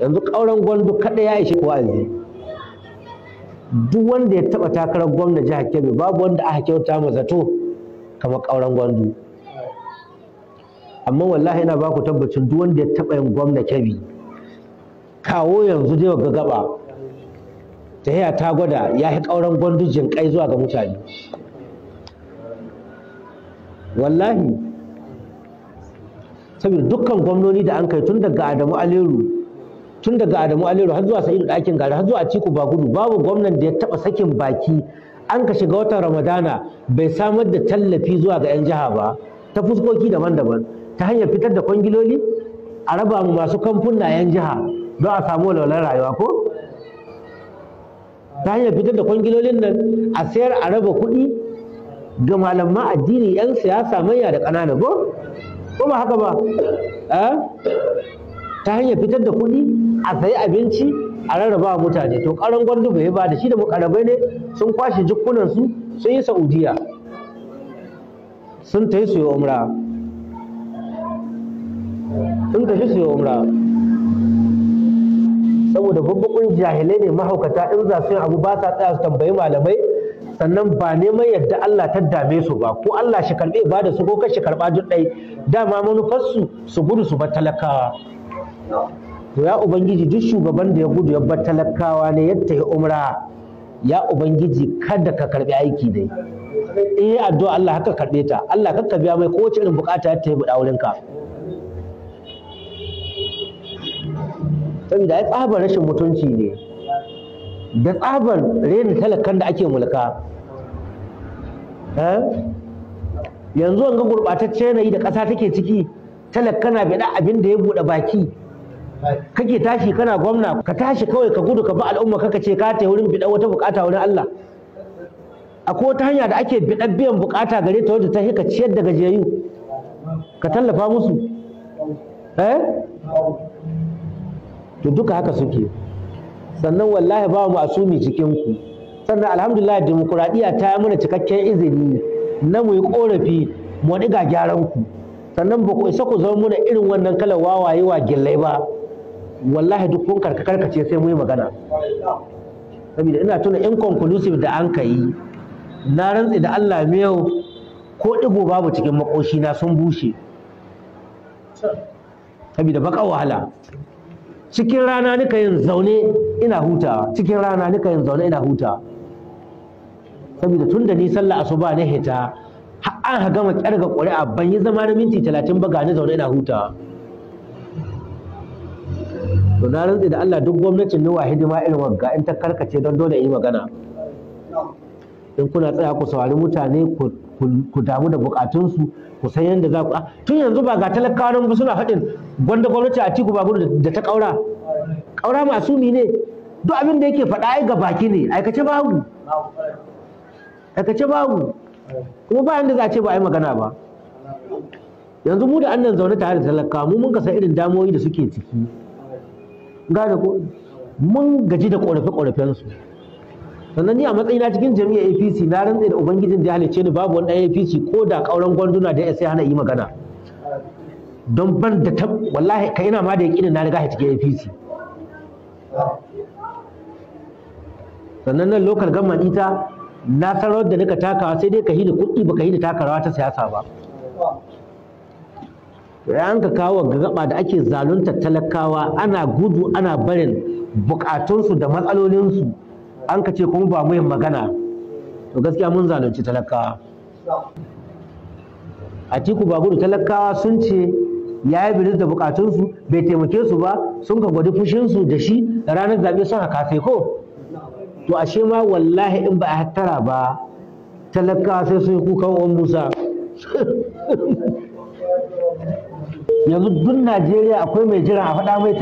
yanzu ƙauren gwandu kaɗai ya ishe wa'azi duk wanda ya taɓa takarar gwamna jihar kebbi babu wanda aka kyauta ma zato kamar ƙauren gwandu amma wallahi ina baku tabbacin duk wanda ya taɓa yin gwamna kebbi kawo yanzu zai ga gaba yaya ta gwada ya fi ƙauren gwandu jinƙai zuwa ga mutane wallahi saboda dukkan gwamnoni da an kai tun daga adamu aleru tun daga Adamu Aliyu har zuwa Sa'idu ɗakin gari har zuwa Atiku Bagudu babu gwamnan da ya taɓa sakin baki an ka shiga watan Ramadana bai samar da tallafi zuwa ga 'yan jiha ba ta fuskoki daban-daban ta hanyar fitar da kwangiloli a raba mu masu kamfuna 'yan jiha don a samu walwalar rayuwa ko ta hanyar fitar da kwangilolin nan a sayar a raba kuɗi ga malamma addini 'yan siyasa manya da ƙanana ko ko ba haka ba eh? ta hanyar fitar da kuɗi a sayi abinci a rarraba mutane to karan gwandu bai ba da shi da mukarabai ne sun kwashe jikunansu sun yi saudiya sun ta su umra sun tafi su yi umra saboda babbakun jahilai ne mahaukata in za su yi abu ba sa tsaya su tambayi malamai sannan ba neman yadda Allah ta dame su ba ko Allah shi karɓe ba da su ko kashi karɓa duk ɗai dama manufarsu su gudu su ba talakawa to ya ubangiji duk shugaban da ya gudu ya bar talakawa ne yadda ya umra ya ubangiji kada ka karbi aiki dai eh addu'a Allah haka karbe ta Allah ka biya mai kowace irin bukata ta yi buɗa wurin ka saboda ai tsabar rashin mutunci ne da tsabar rena talakan da ake mulka eh? yanzu an ga yanayi da ƙasa take ciki talakana bai da abin da ya buɗe baki kake tashi kana gwamna ka tashi kawai ka gudu ka bi al'umma kaka ce ka ta wurin bidan wata bukata wurin Allah akwai wata hanya da ake bidan biyan bukata gare ta wadda ta hika ciyar da gajiyayyu ka tallafa musu eh to duka haka suke sannan wallahi ba mu asumi cikin ku sannan alhamdulillah demokradiya ta yi mana cikakken izini na mu yi korafi mu ga gyaran ku sannan ba ku isa ku zama muna irin wannan kalar wawaye wa gillai ba wallahi duk kun karka karkace sai mu yi magana saboda ina tuna in conclusive da an ka yi na rantsi da Allah miyau ko ɗigo babu cikin makoshi na sun bushe saboda baka wahala cikin rana nika yin zaune ina huta. cikin rana nika yin zaune ina huta saboda tun da ni sallah asuba na hita an ha gama kyarga ƙuri'a ban yi zama na minti talatin ba ga ni zaune ina hutawa to na rantsi da Allah duk gwamnatin nawa hidima irin wagga in ta karkace don dole yi magana in kuna tsaya ku saurari mutane ku damu da bukatunsu ku san yadda za ku ah, tun yanzu ba ga talakawan ba suna faɗin gwanda gwamnati a tiku gudu da ta ƙaura ƙaura mi ne duk abin da yake faɗa ai ga baki ne aikace babu aikace babu kuma ba yanda za a ce ba a yi magana ba yanzu mu da annan zaune tare da talakawa mu mun kasa irin damoyi da suke ciki mun gaji da ƙorafe su sannan ni a matsayina cikin jamia apc na rantse da ubangijin da halicce ni babu wani apc ko da ƙauren gwanduna da ya sai hana yi magana don ban da tab wallahi ka ina ma da yaƙinin na riga cikin apc sannan nan local government ita na sarar da nika takawa sai dai ka yi da kuɗi baka da takarawa ta siyasa ba an ka kawo gaba da ake zalunta talakawa ana gudu ana barin bukatunsu da matsalolinsu an ka ce kuma ba mu yin magana to gaskiya mun zalunci talakawa a tiku ba gudu talakawa sun ce ya yi da bukatunsu bai taimake su ba sun ka gwadi fushinsu da shi da ranar zaɓe sun haka ko to ashe ma wallahi in ba a hattara ba talakawa sai sun yi kukan wa musa yanzu duk najeriya akwai mai jiran a faɗa mai